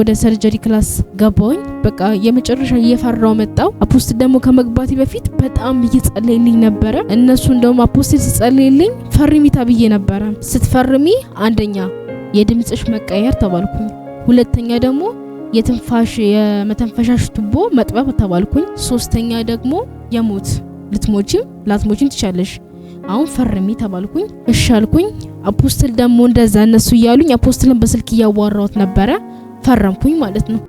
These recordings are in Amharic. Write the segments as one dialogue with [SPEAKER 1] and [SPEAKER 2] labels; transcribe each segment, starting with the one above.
[SPEAKER 1] ወደ ሰርጀሪ ክላስ ገባሁኝ። በቃ የመጨረሻ እየፈራው መጣው። አፖስትል ደግሞ ከመግባቴ በፊት በጣም እየጸለይልኝ ነበረ። እነሱ እንደውም አፖስትል ሲጸለይልኝ ፈርሚ ብዬ ነበረ። ስትፈርሚ አንደኛ የድምፅሽ መቀየር ተባልኩኝ። ሁለተኛ ደግሞ የትንፋሽ የመተንፈሻሽ ቱቦ መጥበብ ተባልኩኝ። ሶስተኛ ደግሞ የሞት ልትሞችም ላትሞችም ትቻለሽ አሁን ፈርሚ ተባልኩኝ። እሻልኩኝ አፖስትል ደግሞ እንደዛ እነሱ እያሉኝ አፖስትልን በስልክ እያዋራሁት ነበረ ፈረምኩኝ ማለት ነው።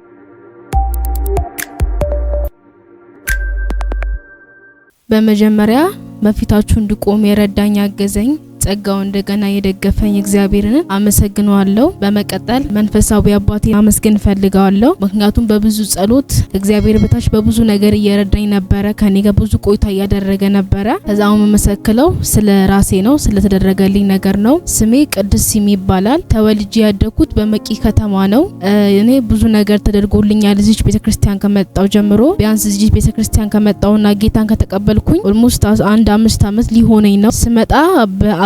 [SPEAKER 1] በመጀመሪያ በፊታችሁ እንድቆም የረዳኝ አገዘኝ ጸጋው እንደገና የደገፈኝ እግዚአብሔርን አመሰግነዋለሁ። በመቀጠል መንፈሳዊ አባቴ አመስገን ፈልገዋለሁ። ምክንያቱም በብዙ ጸሎት እግዚአብሔር በታች በብዙ ነገር እየረዳኝ ነበረ። ከኔ ጋር ብዙ ቆይታ እያደረገ ነበረ። ከዛው መመሰክለው ስለ ራሴ ነው፣ ስለተደረገልኝ ነገር ነው። ስሜ ቅድስ ሲም ይባላል። ተወልጄ ያደኩት በመቂ ከተማ ነው። እኔ ብዙ ነገር ተደርጎልኛል። እዚች ቤተክርስቲያን ከመጣው ጀምሮ ቢያንስ እዚች ቤተክርስቲያን ከመጣውና ጌታን ከተቀበልኩኝ ኦልሞስት አንድ አምስት አመት ሊሆነኝ ነው። ስመጣ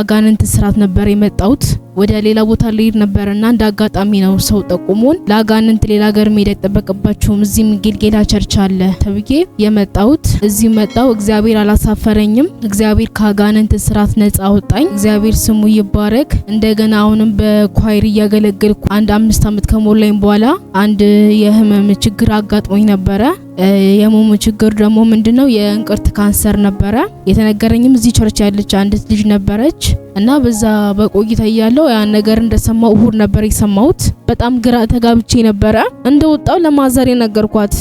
[SPEAKER 1] አጋንንት ስራት ነበር የመጣሁት ወደ ሌላ ቦታ ልሄድ ነበርና እንደ አጋጣሚ ነው ሰው ጠቁሞን ለአጋንንት ሌላ ሀገር መሄድ አይጠበቅባችሁም እዚህም ጌልጌላ ቸርች አለ ተብዬ የመጣሁት እዚህ መጣው። እግዚአብሔር አላሳፈረኝም። እግዚአብሔር ከአጋንንት ስርዓት ነጻ አወጣኝ። እግዚአብሔር ስሙ ይባረክ። እንደገና አሁንም በኳይር እያገለገልኩ አንድ አምስት አመት ከሞላኝ በኋላ አንድ የህመም ችግር አጋጥሞኝ ነበረ። የሞሙ ችግር ደግሞ ምንድነው? የእንቅርት ካንሰር ነበረ። የተነገረኝም እዚህ ቸርች ያለች አንዲት ልጅ ነበረች። እና በዛ በቆይታ እያለው ያን ነገር እንደሰማው እሁድ ነበር የሰማሁት በጣም ግራ ተጋብቼ ነበረ። እንደ ወጣው ለማዘር የነገርኳት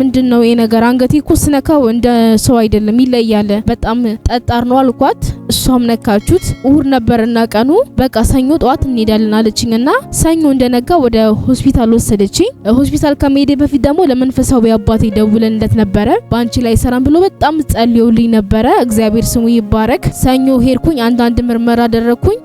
[SPEAKER 1] ምንድን ነው ይሄ ነገር አንገቴ እኮ ስነካው እንደ ሰው አይደለም ይለያለ፣ በጣም ጠጣር ነው አልኳት። እሷም ነካችሁት። እሁድ ነበርና ቀኑ በቃ ሰኞ ጠዋት እንሄዳለን አለችኝ ሰኞ እንደነጋ ወደ ሆስፒታል ወሰደችኝ። ሆስፒታል ከመሄዴ በፊት ደግሞ ለመንፈሳዊ አባቴ ደውለንለት ነበረ። በአንቺ ላይ ሰራን ብሎ በጣም ጸልዮልኝ ነበረ። እግዚአብሔር ስሙ ይባረክ። ሰኞ ሄድኩኝ፣ አንዳንድ ምርመራ አደረግኩኝ።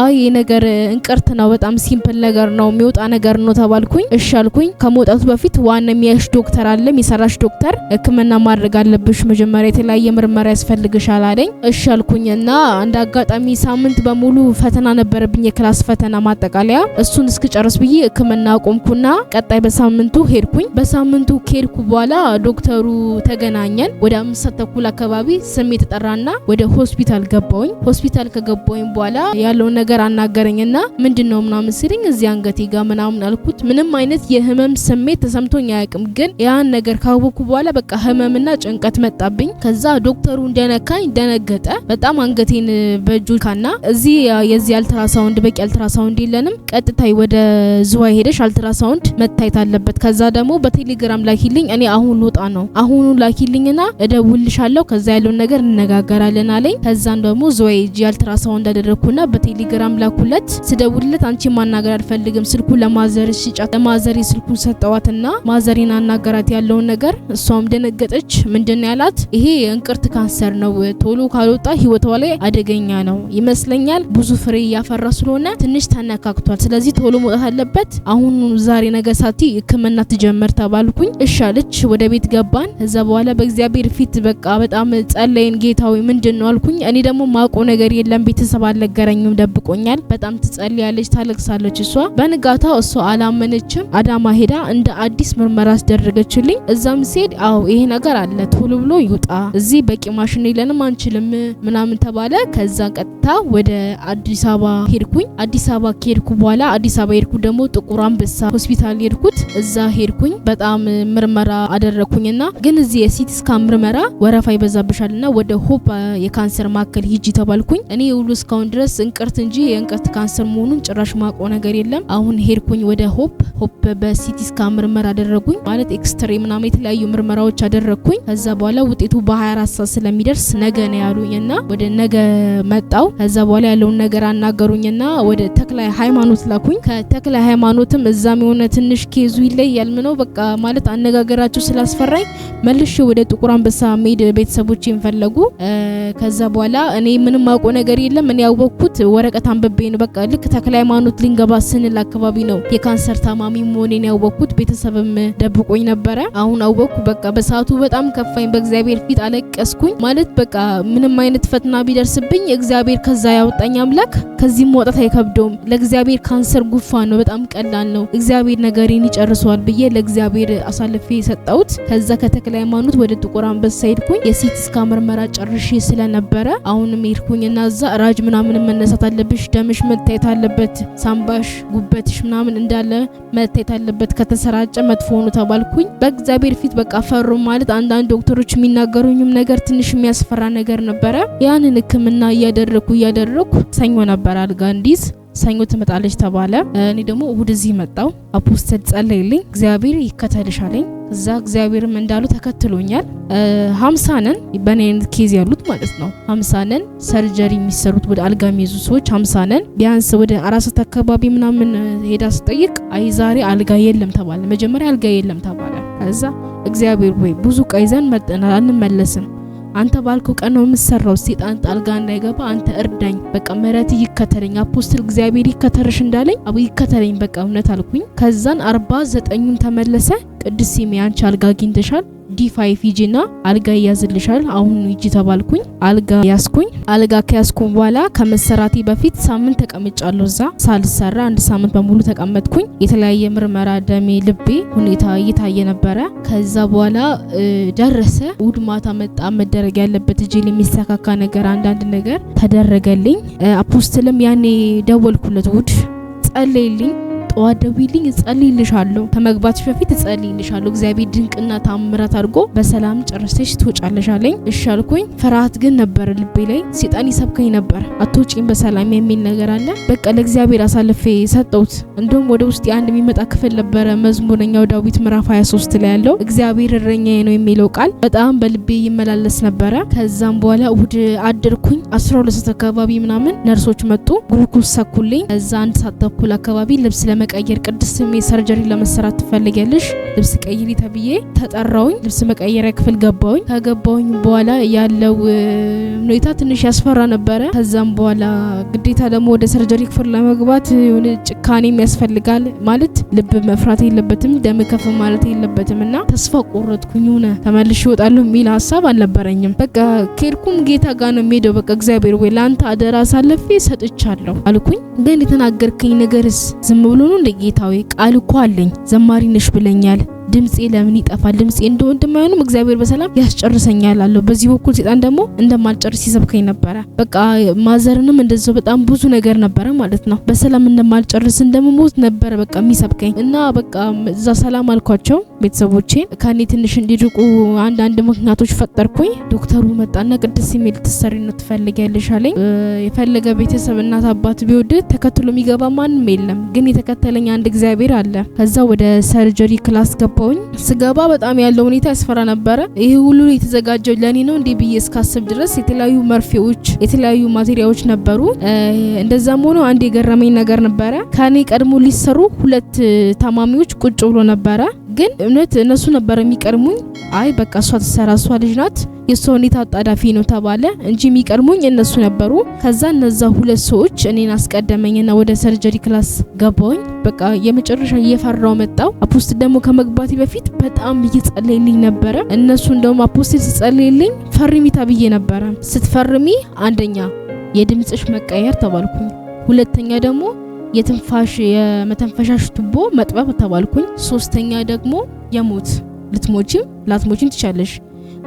[SPEAKER 1] አይ ይህ ነገር እንቅርት ነው፣ በጣም ሲምፕል ነገር ነው፣ የሚወጣ ነገር ነው ተባልኩኝ። እሺ አልኩኝ። ከመውጣቱ በፊት ዋና የሚያሽ ዶክተር አለ፣ የሚሰራሽ ዶክተር ሕክምና ማድረግ አለብሽ፣ መጀመሪያ የተለያየ ምርመራ ያስፈልግሻል አለኝ። እሺ አልኩኝ እና እንደ አጋጣሚ ሳምንት በሙሉ ፈተና ነበረብኝ፣ የክላስ ፈተና ማጠቃለያ። እሱን እስክጨርስ ብዬ ሕክምና አቆምኩና ቀጣይ በሳምንቱ ሄድኩኝ። በሳምንቱ ከሄድኩ በኋላ ዶክተሩ ተገናኘን። ወደ አምስት ተኩል አካባቢ ስሜ ተጠራና ወደ ሆስፒታል ገባውኝ። ሆስፒታል ከገባውኝ በኋላ ያለውን የሆነውን ነገር አናገረኝና እና ምንድን ነው ምናምን ሲልኝ እዚህ አንገቴ ጋር ምናምን አልኩት። ምንም አይነት የህመም ስሜት ተሰምቶኝ አያውቅም። ግን ያን ነገር ካወኩ በኋላ በቃ ህመምና ጭንቀት መጣብኝ። ከዛ ዶክተሩ እንደነካኝ ደነገጠ በጣም አንገቴን በእጁ ካና እዚህ የዚህ አልትራሳውንድ በቂ አልትራሳውንድ የለንም፣ ቀጥታይ ወደ ዝዋይ ሄደሽ አልትራሳውንድ መታየት አለበት። ከዛ ደግሞ በቴሌግራም ላኪልኝ፣ እኔ አሁን ልወጣ ነው አሁኑ ላኪልኝና እደውልሻለሁ፣ ከዛ ያለውን ነገር እንነጋገራለን አለኝ። ከዛን ደግሞ ዝዋይ ሄጄ አልትራሳውንድ አደረግኩና በቴሌ ቴሌግራም ላኩለት። ስደውልለት አንቺ ማናገር አልፈልግም ስልኩ ለማዘር ሲጫት ለማዘር ስልኩን ሰጠዋትና ማዘሬን አናገራት ያለውን ነገር እሷም ደነገጠች። ምንድን ያላት? ይሄ የእንቅርት ካንሰር ነው፣ ቶሎ ካልወጣ ህይወቷ ላይ አደገኛ ነው ይመስለኛል። ብዙ ፍሬ እያፈራ ስለሆነ ትንሽ ተነካክቷል። ስለዚህ ቶሎ መውጣት አለበት። አሁን ዛሬ ነገ ሳቲ ህክምና ትጀምር ተባልኩኝ። እሻለች ወደ ቤት ገባን። እዛ በኋላ በእግዚአብሔር ፊት በቃ በጣም ጸለይን። ጌታዊ ምንድን ነው አልኩኝ። እኔ ደግሞ ማቆ ነገር የለም ቤተሰብ አልነገረኝም። ጠብቆኛል። በጣም ትጸልያለች፣ ታለቅሳለች። እሷ በንጋታው እሷ አላመነችም። አዳማ ሄዳ እንደ አዲስ ምርመራ አስደረገችልኝ። እዛም ሲሄድ አዎ ይሄ ነገር አለ፣ ቶሎ ብሎ ይውጣ፣ እዚህ በቂ ማሽን የለንም፣ አንችልም ምናምን ተባለ። ከዛ ቀጥታ ወደ አዲስ አበባ ሄድኩኝ። አዲስ አበባ ከሄድኩ በኋላ አዲስ አበባ ሄድኩ ደግሞ ጥቁር አንበሳ ሆስፒታል ሄድኩት። እዛ ሄድኩኝ በጣም ምርመራ አደረግኩኝና ግን እዚህ የሲቲ ስካን ምርመራ ወረፋ ይበዛብሻልና ወደ ሆፕ የካንሰር ማዕከል ሂጂ ተባልኩኝ። እኔ ሁሉ እስካሁን ድረስ እንቅርት እንጂ የእንቅርት ካንሰር መሆኑን ጭራሽ ማቆ ነገር የለም። አሁን ሄድኩኝ ወደ ሆፕ ሆፕ በሲቲ ስካን ምርመራ አደረጉኝ ማለት ኤክስትሬ ምናምን የተለያዩ ምርመራዎች አደረግኩኝ። ከዛ በኋላ ውጤቱ በ24 ሰዓት ስለሚደርስ ነገ ነው ያሉኝና ወደ ነገ መጣው። ከዛ በኋላ ያለውን ነገር አናገሩኝና ወደ ተክላይ ሃይማኖት ላኩኝ። ከተክላይ ሃይማኖትም እዛም የሆነ ትንሽ ኬዙ ይለያል ምነው በቃ ማለት አነጋገራቸው ስላስፈራኝ መልሼ ወደ ጥቁር አንበሳ መሄድ ቤተሰቦቼን ፈለጉ። ከዛ በኋላ እኔ ምንም አውቆ ነገር የለም እኔ ያወቅኩት ወረቀ ወረቀት አንብቤ ነው። በቃ ልክ ተክለ ሃይማኖት ልንገባ ስንል አካባቢ ነው የካንሰር ታማሚ መሆኔን ያወቅኩት። ቤተሰብም ደብቆኝ ነበረ። አሁን አወቅኩ። በቃ በሰዓቱ በጣም ከፋኝ። በእግዚአብሔር ፊት አለቀስኩኝ። ማለት በቃ ምንም አይነት ፈተና ቢደርስብኝ እግዚአብሔር ከዛ ያወጣኝ አምላክ ከዚህ መውጣት አይከብደውም። ለእግዚአብሔር ካንሰር ጉፋ ነው፣ በጣም ቀላል ነው። እግዚአብሔር ነገሬን ይጨርሰዋል ብዬ ለእግዚአብሔር አሳልፌ የሰጠሁት። ከዛ ከተክለ ሃይማኖት ወደ ጥቁር አንበሳ ሄድኩኝ። የሲቲ ስካን ምርመራ ጨርሼ ስለነበረ አሁንም ሄድኩኝ እና እዛ ራጅ ምናምን መነሳት አለ ካለብሽ ደምሽ መታየት አለበት፣ ሳምባሽ፣ ጉበትሽ ምናምን እንዳለ መታየት አለበት። ከተሰራጨ መጥፎ ሆኖ ተባልኩኝ። በእግዚአብሔር ፊት በቃ ፈሩ ማለት አንዳንድ ዶክተሮች የሚናገሩኝም ነገር ትንሽ የሚያስፈራ ነገር ነበረ። ያንን ህክምና እያደረግኩ እያደረግኩ ሰኞ ነበር አልጋ እንዲዝ ሰኞ ትመጣለች ተባለ። እኔ ደግሞ እሁድ እዚህ መጣው። አፖስተል ጸለይልኝ፣ እግዚአብሔር ይከተልሻለኝ። እዛ እግዚአብሔርም እንዳሉ ተከትሎኛል። ሀምሳ ነን በእኔ አይነት ኬዝ ያሉት ማለት ነው። ሀምሳ ሰርጀሪ የሚሰሩት ወደ አልጋ የሚይዙ ሰዎች ሀምሳ ቢያንስ ወደ አራሰት አካባቢ ምናምን ሄዳ ስጠይቅ አይ ዛሬ አልጋ የለም ተባለ። መጀመሪያ አልጋ የለም ተባለ። ከዛ እግዚአብሔር ወይ ብዙ ቀይዘን መጠናል አንመለስም አንተ ባልኩ ቀን ነው የምሰራው። ሴጣን ጣልጋ እንዳይገባ አንተ እርዳኝ። በቃ ምረት ይከተለኝ አፖስትል እግዚአብሔር ይከተልሽ እንዳለኝ አቡ ይከተለኝ በቃ እውነት አልኩኝ። ከዛን አርባ ዘጠኙን ተመለሰ። ቅድስት ሲሜ አንቺ አልጋ አግኝተሻል ዲ5 አልጋ ይያዝልሻል አሁን ሂጂ ተባልኩኝ። አልጋ ያስኩኝ። አልጋ ከያስኩኝ በኋላ ከመሰራቴ በፊት ሳምንት ተቀምጫለሁ። እዛ ሳልሰራ አንድ ሳምንት በሙሉ ተቀመጥኩኝ። የተለያየ ምርመራ ደሜ፣ ልቤ ሁኔታ እየታየ ነበረ። ከዛ በኋላ ደረሰ። እሁድ ማታ መጣ መደረግ ያለበት እጄ የሚሰካካ ነገር አንዳንድ ነገር ተደረገልኝ። አፖስትልም ያኔ ደወልኩለት እሁድ ጸለይልኝ ጠዋት ደውዪልኝ እጸልይልሻለሁ፣ ከመግባትሽ በፊት እጸልይልሻለሁ፣ እግዚአብሔር ድንቅና ታምራት አድርጎ በሰላም ጨርሰሽ ትወጫለሽ አለኝ። እሺ አልኩኝ። ፍርሃት ግን ነበረ ልቤ ላይ። ሴጣን ይሰብከኝ ነበር፣ አትወጪም በሰላም የሚል ነገር አለ። በቃ ለእግዚአብሔር አሳልፌ ሰጠሁት። እንዲሁም ወደ ውስጥ አንድ የሚመጣ ክፍል ነበረ መዝሙረኛው ዳዊት ምዕራፍ 23 ላይ ያለው እግዚአብሔር እረኛዬ ነው የሚለው ቃል በጣም በልቤ ይመላለስ ነበረ። ከዛም በኋላ እሁድ አደርኩኝ። 12 ሰዓት አካባቢ ምናምን ነርሶች መጡ፣ ግሉኮስ ሰኩልኝ። ከዛ አንድ ሰዓት ተኩል አካባቢ ልብስ ለመ መቀየር ቅድስት ስሜ ሰርጀሪ ለመሰራት ትፈልጊያለሽ? ልብስ ቀይሪ ተብዬ ተጠራውኝ። ልብስ መቀየሪያ ክፍል ገባውኝ። ከገባውኝ በኋላ ያለው ሁኔታ ትንሽ ያስፈራ ነበረ። ከዛም በኋላ ግዴታ ደግሞ ወደ ሰርጀሪ ክፍል ለመግባት የሆነ ጭካኔም ያስፈልጋል። ማለት ልብ መፍራት የለበትም፣ ደም ከፍ ማለት የለበትም እና ተስፋ ቆረጥኩኝ። ሆነ ተመልሼ እወጣለሁ የሚል ሀሳብ አልነበረኝም። በቃ ከሄድኩም ጌታ ጋር ነው የሚሄደው። በቃ እግዚአብሔር ወይ ለአንተ አደራ አሳልፌ ሰጥቻለሁ አልኩኝ። ግን የተናገርከኝ ነገርስ ዝም ብሎ ነው እንደ ጌታዊ ቃል እኮ አለኝ ዘማሪ ነሽ ብለኛል ድምፄ ለምን ይጠፋል? ድምፄ እንደ ወንድም አይሆንም፣ እግዚአብሔር በሰላም ያስጨርሰኛል አለው። በዚህ በኩል ሴጣን ደግሞ እንደማልጨርስ ይሰብከኝ ነበረ። በቃ ማዘርንም እንደዛው በጣም ብዙ ነገር ነበረ ማለት ነው። በሰላም እንደማልጨርስ እንደምሞት ነበረ በቃ የሚሰብከኝ እና በቃ እዛ ሰላም አልኳቸው ቤተሰቦቼ ከኔ ትንሽ እንዲርቁ አንዳንድ ምክንያቶች ፈጠርኩኝ። ዶክተሩ መጣና ቅድስት ሲሜል ትሰሪ ነው ትፈልጊያለሽ አለኝ። የፈለገ ቤተሰብ እናት አባት ቢወድ ተከትሎ የሚገባ ማንም የለም፣ ግን የተከተለኝ አንድ እግዚአብሔር አለ። ከዛ ወደ ሰርጀሪ ክላስ ገባ ገባሁኝ። ስገባ በጣም ያለው ሁኔታ ያስፈራ ነበረ። ይህ ሁሉ የተዘጋጀው ለእኔ ነው እንዲህ ብዬ እስካስብ ድረስ የተለያዩ መርፌዎች፣ የተለያዩ ማቴሪያዎች ነበሩ። እንደዛም ሆኖ አንድ የገረመኝ ነገር ነበረ። ከኔ ቀድሞ ሊሰሩ ሁለት ታማሚዎች ቁጭ ብሎ ነበረ። ግን እምነት እነሱ ነበር የሚቀድሙኝ። አይ በቃ እሷ ትሰራ እሷ ልጅ ናት የእሷ ሁኔታ አጣዳፊ ነው ተባለ እንጂ የሚቀድሙኝ እነሱ ነበሩ። ከዛ እነዛ ሁለት ሰዎች እኔን አስቀደመኝና ወደ ሰርጀሪ ክላስ ገባውኝ። በቃ የመጨረሻ እየፈራው መጣው። አፖስትል ደግሞ ከመግባቴ በፊት በጣም እየጸለይልኝ ነበረ። እነሱ እንደውም አፖስትል ሲጸለይልኝ ፈርሚ ተብዬ ነበረ። ስትፈርሚ አንደኛ የድምፅሽ መቀየር ተባልኩኝ፣ ሁለተኛ ደግሞ የትንፋሽ የመተንፈሻሽ ቱቦ መጥበብ ተባልኩኝ። ሶስተኛ ደግሞ የሞት ልትሞችም ላትሞችም ትቻለሽ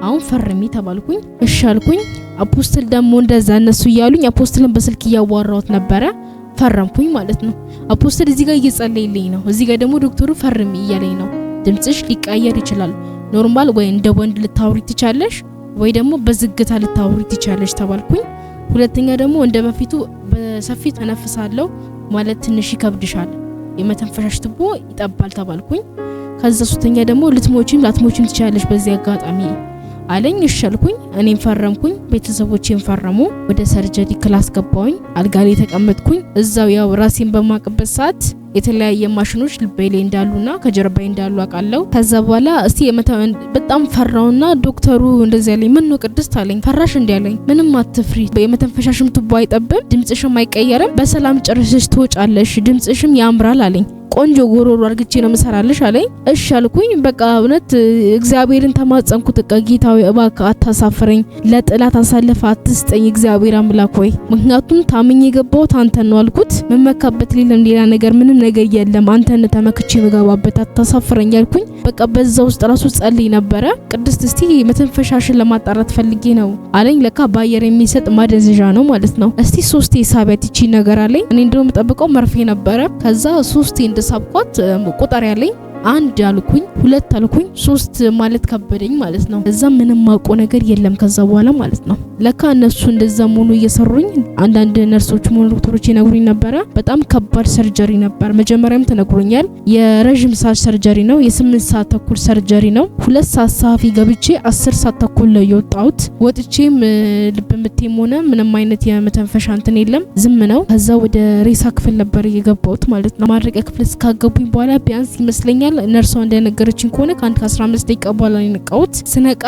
[SPEAKER 1] አሁን ፈርሚ ተባልኩኝ። እሻልኩኝ። አፖስትል ደግሞ እንደዛ እነሱ እያሉኝ አፖስትልን በስልክ እያዋራሁት ነበረ። ፈረምኩኝ ማለት ነው። አፖስትል እዚህ ጋር እየጸለይልኝ ነው፣ እዚህ ጋር ደግሞ ዶክተሩ ፈርሚ እያለኝ ነው። ድምጽሽ ሊቀየር ይችላል። ኖርማል ወይ እንደ ወንድ ልታውሪ ትቻለሽ ወይ ደግሞ በዝግታ ልታውሪ ትቻለሽ ተባልኩኝ። ሁለተኛ ደግሞ እንደ በፊቱ በሰፊ ተነፍሳለሁ ማለት ትንሽ ይከብድሻል፣ የመተንፈሻሽ ትቦ ይጠባል ተባልኩኝ። ከዛ ሶስተኛ ደግሞ ልትሞችም ላትሞችም ትችላለሽ በዚህ አጋጣሚ አለኝ። እሺ አልኩኝ። እኔም ፈረምኩኝ፣ ቤተሰቦቼም ፈረሙ። ወደ ሰርጀሪ ክላስ ገባሁኝ። አልጋ ላይ ተቀመጥኩኝ። እዛው ያው ራሴን በማቅበት ሰዓት የተለያየ ማሽኖች ላይ እንዳሉና ከጀርባዬ እንዳሉ አውቃለሁ። ከዛ በኋላ እስቲ በጣም ፈራውና ዶክተሩ እንደዚህ ያለኝ ምን ነው ቅድስት አለኝ። ፈራሽ እንዲ ያለኝ ምንም አትፍሪ፣ የመተንፈሻሽም ቱቦ አይጠብም፣ ድምጽሽም አይቀየርም፣ በሰላም ጨርሰሽ ትወጫለሽ፣ ድምጽሽም ያምራል አለኝ። ቆንጆ ጎሮሮ አርግቼ ነው ምሰራልሽ አለኝ። እሺ አልኩኝ። በቃ እውነት እግዚአብሔርን ተማጸንኩት። በቃ ጌታዊ እባክ አታሳፍረኝ፣ ለጥላት አሳልፈ አትስጠኝ እግዚአብሔር አምላክ ሆይ፣ ምክንያቱም ታምኝ የገባሁት አንተን ነው አልኩት። መመካበት ሌለም ሌላ ነገር ምንም ነገር የለም፣ አንተን ተመክቼ የምገባበት አታሳፍረኝ አልኩኝ። በቃ በዛ ውስጥ ራሱ ጸልይ ነበረ። ቅድስት እስቲ መተንፈሻሽን ለማጣራት ፈልጌ ነው አለኝ። ለካ በአየር የሚሰጥ ማደንዘዣ ነው ማለት ነው። እስቲ ሶስቴ ሳቢያት ይቺ ነገር አለኝ። እኔ እንደውም ጠብቀው መርፌ ነበረ። ከዛ ሶስቴ እንደሳብኳት ቆጠሪያ ያለኝ አንድ አልኩኝ፣ ሁለት አልኩኝ፣ ሶስት ማለት ከበደኝ ማለት ነው። እዛ ምንም ማውቀው ነገር የለም ከዛ በኋላ ማለት ነው። ለካ እነሱ እንደዛ መሆኑ እየሰሩኝ አንዳንድ ነርሶች ሆኑ ዶክተሮች ይነግሩኝ ነበረ። በጣም ከባድ ሰርጀሪ ነበር። መጀመሪያም ተነግሮኛል። የረዥም ሰዓት ሰርጀሪ ነው። የስምንት ሰዓት ተኩል ሰርጀሪ ነው። ሁለት ሰዓት ሰሀፊ ገብቼ አስር ሰዓት ተኩል ነው የወጣሁት። ወጥቼም ልብ ምቴም ሆነ ምንም አይነት የመተንፈሻ እንትን የለም፣ ዝም ነው። ከዛ ወደ ሬሳ ክፍል ነበር የገባሁት ማለት ነው። ማድረቂያ ክፍል እስካገቡኝ በኋላ ቢያንስ ይመስለኛል ነርሷ እንደነገረችን ከሆነ ከአንድ ከ15 ደቂቃ በኋላ የነቃሁት። ስነቃ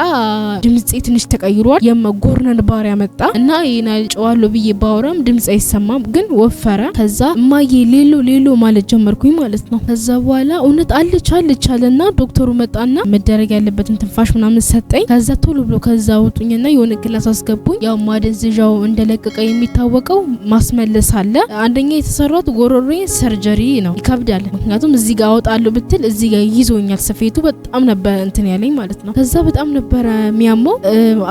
[SPEAKER 1] ድምጼ ትንሽ ተቀይሯል። የመጎርነን ባህሪ ያመጣ እና ይና ጨዋለሁ ብዬ ባወራም ድምጽ አይሰማም፣ ግን ወፈረ። ከዛ እማዬ ሌሎ ሌሎ ማለት ጀመርኩኝ ማለት ነው። ከዛ በኋላ እውነት አለች አለች አለና ዶክተሩ መጣና መደረግ ያለበትን ትንፋሽ ምናምን ሰጠኝ። ከዛ ቶሎ ብሎ ከዛ ውጡኝና የሆነ ግላስ አስገቡኝ። ያው ማደንዝዣው እንደለቀቀ የሚታወቀው ማስመለስ አለ። አንደኛ የተሰራት ጎሮሬ ሰርጀሪ ነው፣ ይከብዳል። ምክንያቱም እዚህ ጋር አወጣለሁ ብትል እዚህ ጋር ይዞኛል ስፌቱ በጣም ነበረ እንትን ያለኝ ማለት ነው። ከዛ በጣም ነበረ የሚያመው።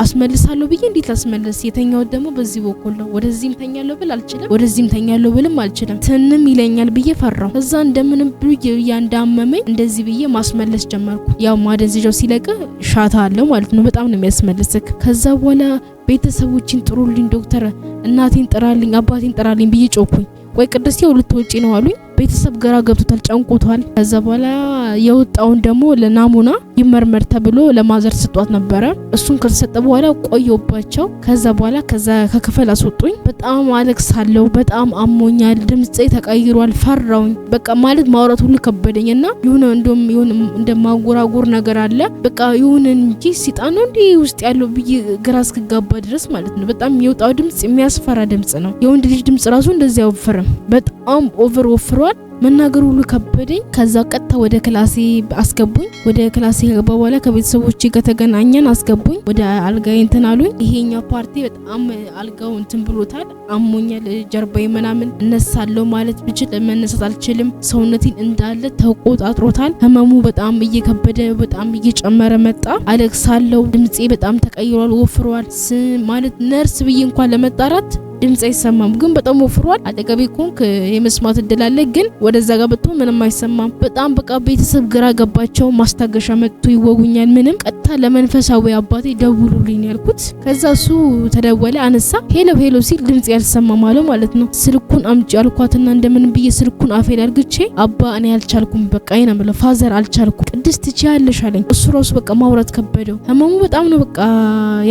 [SPEAKER 1] አስመልሳለሁ ብዬ እንዴት አስመልስ? የተኛሁት ደግሞ በዚህ በኩል ነው። ወደዚህም ተኛለሁ ብል አልችልም፣ ወደዚህም ተኛለሁ ብልም አልችልም። ትንም ይለኛል ብዬ ፈራው ከዛ እንደምንም ብዬ እያንዳመመኝ እንደዚህ ብዬ ማስመለስ ጀመርኩ። ያው ማደንዘዣው ሲለቅ ሻታ አለው ማለት ነው። በጣም ነው የሚያስመልስክ። ከዛ በኋላ ቤተሰቦችን ጥሩልኝ፣ ዶክተር እናቴን ጥራልኝ፣ አባቴን ጥራልኝ ብዬ ጮኩኝ። ቆይ ቅድስት ይኸው ልትወጪ ነው አሉኝ። ቤተሰብ ግራ ገብቶታል፣ ጨንቆቷል። ከዛ በኋላ የወጣውን ደግሞ ለናሙና ይመርመር ተብሎ ለማዘር ስጧት ነበረ። እሱን ከተሰጠ በኋላ ቆየውባቸው። ከዛ በኋላ ከዛ ከክፍል አስወጡኝ። በጣም አለቅሳለሁ፣ በጣም አሞኛል፣ ድምፄ ተቀይሯል፣ ፈራውኝ። በቃ ማለት ማውራት ሁሉ ከበደኝ እና እንደም ይሁን እንደማጎራጎር ነገር አለ። በቃ ይሁን እንጂ ሲጣ ነው እንዲህ ውስጥ ያለው ብዬ ግራ እስክጋባ ድረስ ማለት ነው። በጣም የወጣው ድምጽ የሚያስፈራ ድምጽ ነው። የወንድ ልጅ ድምጽ ራሱ እንደዚያ አይወፍርም። በጣም ኦቨር ወፍሯል። መናገር ሁሉ ከበደኝ። ከዛ ቀጥታ ወደ ክላሴ አስገቡኝ። ወደ ክላሴ ገባ በኋላ ከቤተሰቦች ጋር ተገናኘን፣ አስገቡኝ ወደ አልጋ እንትን አሉኝ። ይሄኛው ፓርቲ በጣም አልጋው እንትን ብሎታል፣ አሞኛል፣ ጀርባዬ ምናምን እነሳለሁ ማለት ብችል መነሳት አልችልም። ሰውነቴን እንዳለ ተቆጣጥሮታል። ህመሙ በጣም እየከበደ በጣም እየጨመረ መጣ። አለቅሳለሁ፣ ድምፄ በጣም ተቀይሯል፣ ወፍሯል። ማለት ነርስ ብዬ እንኳን ለመጣራት ድምጽ አይሰማም፣ ግን በጣም ወፍሯል። አጠገቤ ኮንክ የመስማት እድል አለ፣ ግን ወደዛ ጋር ብትሆን ምንም አይሰማም። በጣም በቃ ቤተሰብ ግራ ገባቸው። ማስታገሻ መጥቶ ይወጉኛል፣ ምንም ቀጥታ ለመንፈሳዊ አባቴ ደውሉልኝ ያልኩት። ከዛ እሱ ተደወለ፣ አነሳ። ሄሎ ሄሎ ሲል ድምጽ ያልሰማም አለው ማለት ነው። ስልኩን አምጪ አልኳትና እንደምን ብዬ ስልኩን አፌ ላይ አርግቼ አባ እኔ አልቻልኩም፣ በቃ ይሄን ምለው ፋዘር አልቻልኩም፣ ቅድስት ትችያለሽ አለኝ። እሱ ራሱ በቃ ማውራት ከበደው፣ ህመሙ በጣም ነው በቃ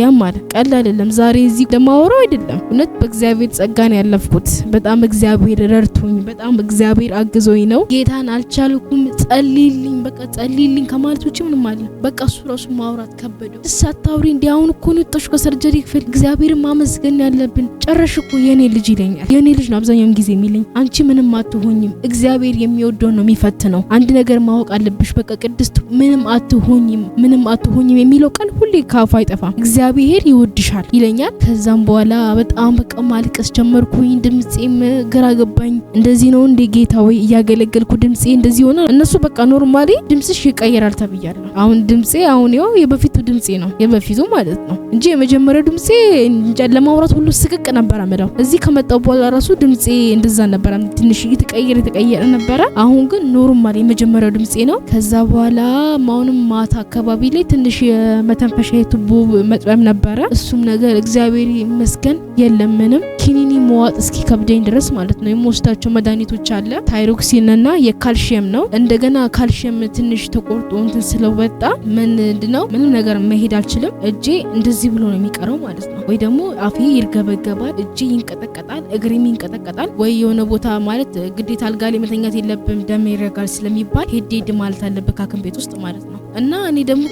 [SPEAKER 1] ያማል። ቀላል አይደለም ዛሬ እዚህ ለማወራው አይደለም እውነት በእግዚአብሔር ጸጋን ያለፍኩት። በጣም እግዚአብሔር ረድቶኝ፣ በጣም እግዚአብሔር አግዞኝ ነው። ጌታን አልቻልኩም። ጸልይልኝ፣ በቃ ጸልይልኝ ከማለት ውጭ ምንም አለ። በቃ እሱ ራሱ ማውራት ከበደው። ሳታውሪ እንዲ አሁን እኮ ንጦሽ ከሰርጀሪ ክፍል እግዚአብሔር ማመስገን ያለብን ጨረሽ እኮ የእኔ ልጅ ይለኛል። የእኔ ልጅ ነው አብዛኛውን ጊዜ የሚለኝ። አንቺ ምንም አትሆኝም። እግዚአብሔር የሚወደውን ነው የሚፈትነው። አንድ ነገር ማወቅ አለብሽ። በቃ ቅድስት ምንም አትሆኝም፣ ምንም አትሆኝም የሚለው ቀን ሁሌ ካፉ አይጠፋም። እግዚአብሔር ይወድሻል ይለኛል። ከዛም በኋላ በጣም በቃ ማልቀስ ጀመርኩኝ። ድምፄም ግራ ገባኝ። እንደዚህ ነው እንዴ ጌታ ወይ እያገለገልኩ ድምፄ እንደዚህ ሆነ። እነሱ በቃ ኖርማሊ ድምጽሽ ይቀየራል ተብያለሁ። አሁን ድምጼ አሁን ያው የበፊቱ ድምፄ ነው የበፊቱ ማለት ነው እንጂ የመጀመሪያው ድምፄ ለማውራት ሁሉ ስቅቅ ነበረ ምለው። እዚህ ከመጣው በኋላ ራሱ ድምጼ እንደዛ ነበረ ትንሽ እየተቀየረ የተቀየረ ነበረ። አሁን ግን ኖርማል የመጀመሪያው ድምፄ ነው። ከዛ በኋላ አሁንም ማታ አካባቢ ላይ ትንሽ የመተንፈሻ የቱቦ መጥበብ ነበረ። እሱም ነገር እግዚአብሔር ይመስገን የለምንም አልችልም። ኪኒኒ መዋጥ እስኪ ከብደኝ ድረስ ማለት ነው። የምወስዳቸው መድኃኒቶች አለ ታይሮክሲን እና የካልሽየም ነው። እንደገና ካልሽየም ትንሽ ተቆርጦ እንትን ስለወጣ ምንድ ነው ምንም ነገር መሄድ አልችልም። እጄ እንደዚህ ብሎ ነው የሚቀረው ማለት ነው። ወይ ደግሞ አፌ ይርገበገባል፣ እጄ ይንቀጠቀጣል፣ እግሬም ይንቀጠቀጣል። ወይ የሆነ ቦታ ማለት ግዴታ አልጋ ላይ መተኛት የለብም ደም ይረጋል ስለሚባል ሄድ ማለት አለበት ካክም ቤት ውስጥ ማለት ነው። እና እኔ ደግሞ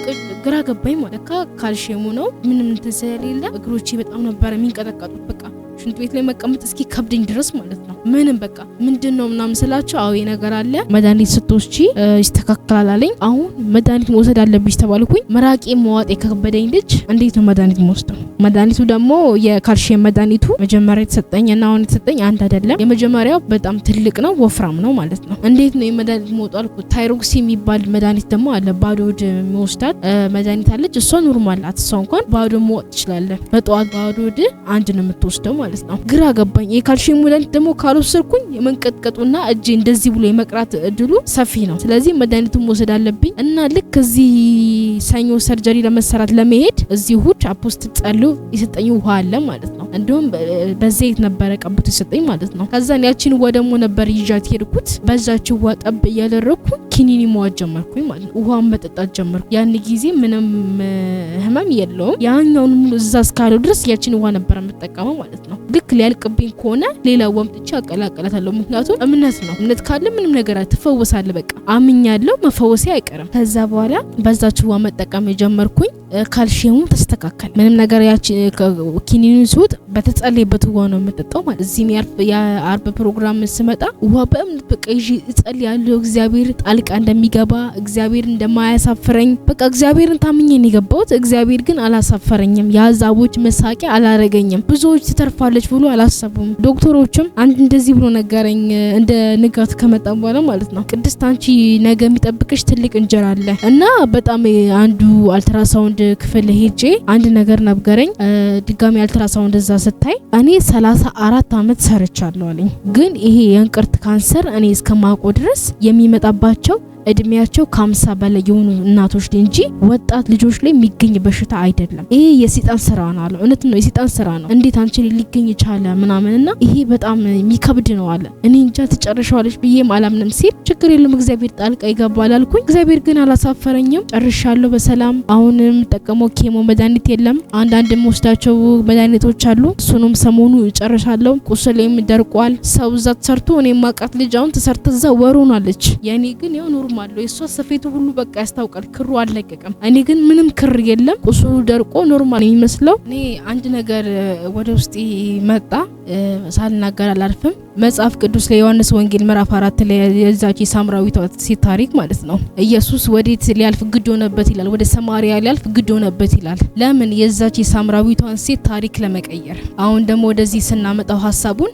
[SPEAKER 1] ግራ ገባኝ ማለት ካልሽየሙ ነው ምንም እንትን ስለሌለ እግሮቼ በጣም ነበረ የሚንቀጠቀጡት ሽንት ቤት ላይ መቀመጥ እስኪ ከብደኝ ድረስ ማለት ነው ምንም በቃ ምንድን ነው ምናምን ስላቸው አዊ ነገር አለ መድኃኒት ስትወስጂ ይስተካከላል አለኝ። አሁን መድኃኒት መውሰድ አለብሽ ተባልኩኝ። ምራቄ መዋጥ የከበደኝ ልጅ እንዴት ነው መድኃኒት መወስደው? መድኃኒቱ ደግሞ የካልሽየም መድኃኒቱ መጀመሪያ የተሰጠኝ እና አሁን የተሰጠኝ አንድ አይደለም። የመጀመሪያው በጣም ትልቅ ነው፣ ወፍራም ነው ማለት ነው። እንዴት ነው የመድኃኒት መውጡ አልኩት። ታይሮክሲ የሚባል መድኃኒት ደግሞ አለ፣ ባዶ ወድ የሚወስዳት መድኃኒት አለች። እሷ ኖርማል ናት። እሷ እንኳን ባዶ መወጥ ትችላለን። በጠዋት ባዶ አንድ ነው የምትወስደው ማለት ነው። ግራ ገባኝ። የካልሽየም መድኃኒት ደግሞ ካ ካልወሰድኩኝ የመንቀጥቀጡና እጄ እንደዚህ ብሎ የመቅራት እድሉ ሰፊ ነው። ስለዚህ መድኃኒቱን መውሰድ አለብኝ እና ልክ እዚህ ሰኞ ሰርጀሪ ለመሰራት ለመሄድ እዚህ እሁድ አፖስት ጸልዮ ይሰጠኝ ውሃ አለ ማለት ነው እንዲሁም በዘይት ነበረ ቀቡት የሰጠኝ ማለት ነው። ከዛን ያችን ውሃ ደግሞ ነበር ይዣት ሄድኩት። በዛች ውሃ ጠብ እያደረግኩ ኪኒኒ መዋጥ ጀመርኩኝ ማለት ነው። ውሃን መጠጣት ጀመርኩ። ያን ጊዜ ምንም ህመም የለውም። ያኛውን እዛ እስካለው ድረስ ያችን ውሃ ነበር የምጠቀመው ማለት ነው። ልክ ሊያልቅብኝ ከሆነ ሌላ ውሃ አምጥቼ አቀላቀላታለሁ። ምክንያቱም እምነት ነው። እምነት ካለ ምንም ነገር ትፈወሳለህ። በቃ አምኛለሁ፣ መፈወሴ አይቀርም። ከዛ በኋላ በዛች ውሃ መጠቀም የጀመርኩኝ ካልሽየሙ ተስተካከለ። ምንም ነገር ያቺ ኪኒኒ ስውጥ በተጸለይበት ውሃ ነው የምጠጣው ማለት እዚህም የአርብ ፕሮግራም ስመጣ ውሃ በእምነት በቃ ይዤ እጸል ያለው እግዚአብሔር ጣልቃ እንደሚገባ እግዚአብሔር እንደማያሳፍረኝ በቃ እግዚአብሔርን ታምኘን የገባሁት እግዚአብሔር ግን አላሳፈረኝም። የአዛቦች መሳቂያ አላረገኝም። ብዙዎች ትተርፋለች ብሎ አላሰቡም። ዶክተሮችም አንድ እንደዚህ ብሎ ነገረኝ። እንደ ንጋት ከመጣ በኋላ ማለት ነው ቅድስት አንቺ ነገ የሚጠብቅሽ ትልቅ እንጀራ አለ እና በጣም አንዱ አልትራሳውንድ ክፍል ሄጄ አንድ ነገር ነበረኝ ድጋሚ አልትራሳውንድ እዛ ስታይ እኔ 34 ዓመት ሰርቻለሁ አለኝ። ግን ይሄ የእንቅርት ካንሰር እኔ እስከማውቀው ድረስ የሚመጣባቸው እድሜያቸው ከአምሳ በላይ የሆኑ እናቶች ላይ እንጂ ወጣት ልጆች ላይ የሚገኝ በሽታ አይደለም። ይሄ የሴጣን ስራ ነው አለ። እውነት ነው፣ የሴጣን ስራ ነው። እንዴት አንቺ ላይ ሊገኝ ቻለ ምናምን እና ይሄ በጣም የሚከብድ ነው አለ። እኔ እንጃ ትጨርሻዋለች ብዬም አላምንም ሲል ችግር የለም እግዚአብሔር ጣልቃ ይገባል አልኩኝ። እግዚአብሔር ግን አላሳፈረኝም። ጨርሻለሁ በሰላም አሁንም ጠቀሞ ኬሞ መድኃኒት የለም አንዳንድ የምወስዳቸው መድኃኒቶች አሉ። እሱንም ሰሞኑ ጨርሻለሁ። ቁስሌም ደርቋል። ሰው እዛ ተሰርቶ እኔ ማቃት ልጅ አሁን ተሰርተ እዛ አለች። የእኔ ግን ያው ኖርማ አለው። የእሷ ስፌቱ ሁሉ በቃ ያስታውቃል። ክሩ አልለቀቀም። እኔ ግን ምንም ክር የለም። ቁስሉ ደርቆ ኖርማል የሚመስለው። እኔ አንድ ነገር ወደ ውስጤ መጣ፣ ሳልናገር አላልፍም። መጽሐፍ ቅዱስ ላይ ወንጌል ምዕራፍ አራት ላይ የዛች የሳምራዊቷ ሴት ታሪክ ማለት ነው። ኢየሱስ ወዴት ሊያልፍ ግድ ሆነበት ይላል። ወደ ሰማሪያ ሊያልፍ ግድ ሆነበት ይላል። ለምን? የዛች የሳምራዊቷን ሴት ታሪክ ለመቀየር። አሁን ደግሞ ወደዚህ ስናመጣው ሀሳቡን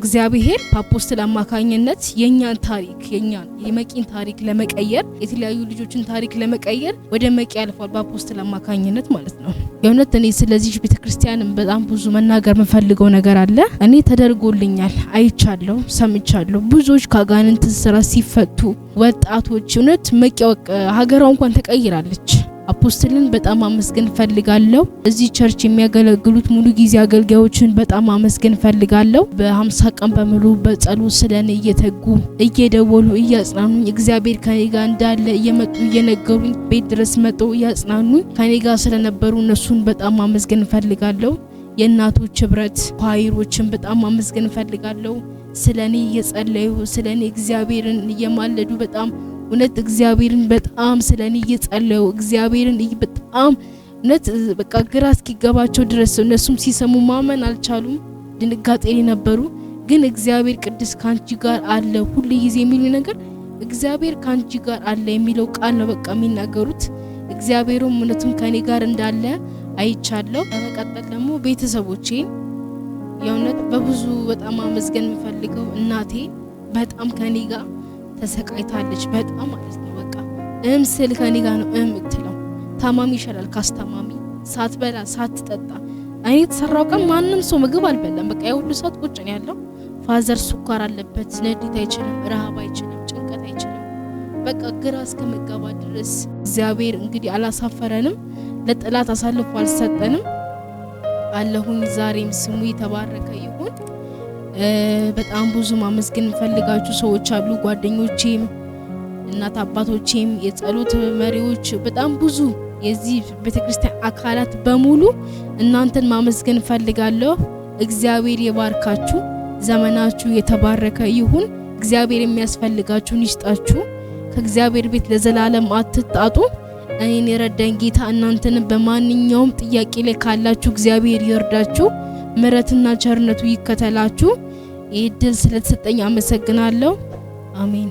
[SPEAKER 1] እግዚአብሔር በአፖስትል አማካኝነት የእኛን ታሪክ የእኛን የመቂን ታሪክ ለመቀየር የተለያዩ ልጆችን ታሪክ ለመቀየር ወደ መቂ ያልፏል፣ በአፖስትል አማካኝነት ማለት ነው። የእውነት እኔ ስለዚህ ቤተክርስቲያን በጣም ብዙ መናገር የምፈልገው ነገር አለ። እኔ ተደርጎልኛል ሆነናል። አይቻለሁ፣ ሰምቻለሁ። ብዙዎች ከአጋንንት ስራ ሲፈቱ ወጣቶች እውነት መቀወቅ ሀገሯ እንኳን ተቀይራለች። አፖስትልን በጣም አመስገን ፈልጋለሁ። እዚህ ቸርች የሚያገለግሉት ሙሉ ጊዜ አገልጋዮችን በጣም አመስገን ፈልጋለሁ። በሀምሳ ቀን በሙሉ በጸሎት ስለኔ እየተጉ እየደወሉ እያጽናኑኝ እግዚአብሔር ከኔ ጋር እንዳለ እየመጡ እየነገሩኝ ቤት ድረስ መጠው እያጽናኑኝ ከኔ ጋር ስለነበሩ እነሱን በጣም አመስገን ፈልጋለሁ። የእናቶች ህብረት ኳይሮችን በጣም ማመስገን እፈልጋለሁ። ስለ እኔ እየጸለዩ ስለ እኔ እግዚአብሔርን እየማለዱ በጣም እውነት እግዚአብሔርን በጣም ስለ እኔ እየጸለዩ እግዚአብሔርን በጣም እውነት በቃ ግራ እስኪገባቸው ድረስ እነሱም ሲሰሙ ማመን አልቻሉም። ድንጋጤ ነበሩ። ግን እግዚአብሔር ቅዱስ ካንቺ ጋር አለ ሁሉ ጊዜ የሚሉ ነገር እግዚአብሔር ካንቺ ጋር አለ የሚለው ቃል ነው በቃ የሚናገሩት። እግዚአብሔርም እውነቱም ከኔ ጋር እንዳለ አይቻለሁ። በመቀጠል ደግሞ ቤተሰቦቼን የእውነት በብዙ በጣም አመስገን የምፈልገው እናቴ በጣም ከኔ ጋር ተሰቃይታለች። በጣም ማለት ነው በቃ እም ስል ከኔ ጋር ነው እም እትለው ታማሚ ይሻላል ካስታማሚ ሳትበላ ሳትጠጣ እኔ የተሰራው ቀን ማንም ሰው ምግብ አልበላም። በቃ የሁሉ ሰዓት ቁጭ ነው ያለው። ፋዘር ስኳር አለበት፣ ነዴት አይችልም፣ ረሃብ አይችልም። በቃ ግራ እስከመጋባ ድረስ እግዚአብሔር እንግዲህ አላሳፈረንም፣ ለጠላት አሳልፎ አልሰጠንም። አለሁኝ ዛሬም ስሙ የተባረከ ይሁን። በጣም ብዙ ማመስገን የምፈልጋችሁ ሰዎች አሉ፣ ጓደኞቼም፣ እናት አባቶቼም፣ የጸሎት መሪዎች፣ በጣም ብዙ የዚህ ቤተክርስቲያን አካላት በሙሉ እናንተን ማመስገን እፈልጋለሁ። እግዚአብሔር የባርካችሁ፣ ዘመናችሁ የተባረከ ይሁን። እግዚአብሔር የሚያስፈልጋችሁን ይስጣችሁ። ከእግዚአብሔር ቤት ለዘላለም አትጣጡ። እኔን የረዳኝ ጌታ እናንተን በማንኛውም ጥያቄ ላይ ካላችሁ እግዚአብሔር ይርዳችሁ፣ ምሕረትና ቸርነቱ ይከተላችሁ። ይህ ስለተሰጠኝ አመሰግናለሁ። አሜን።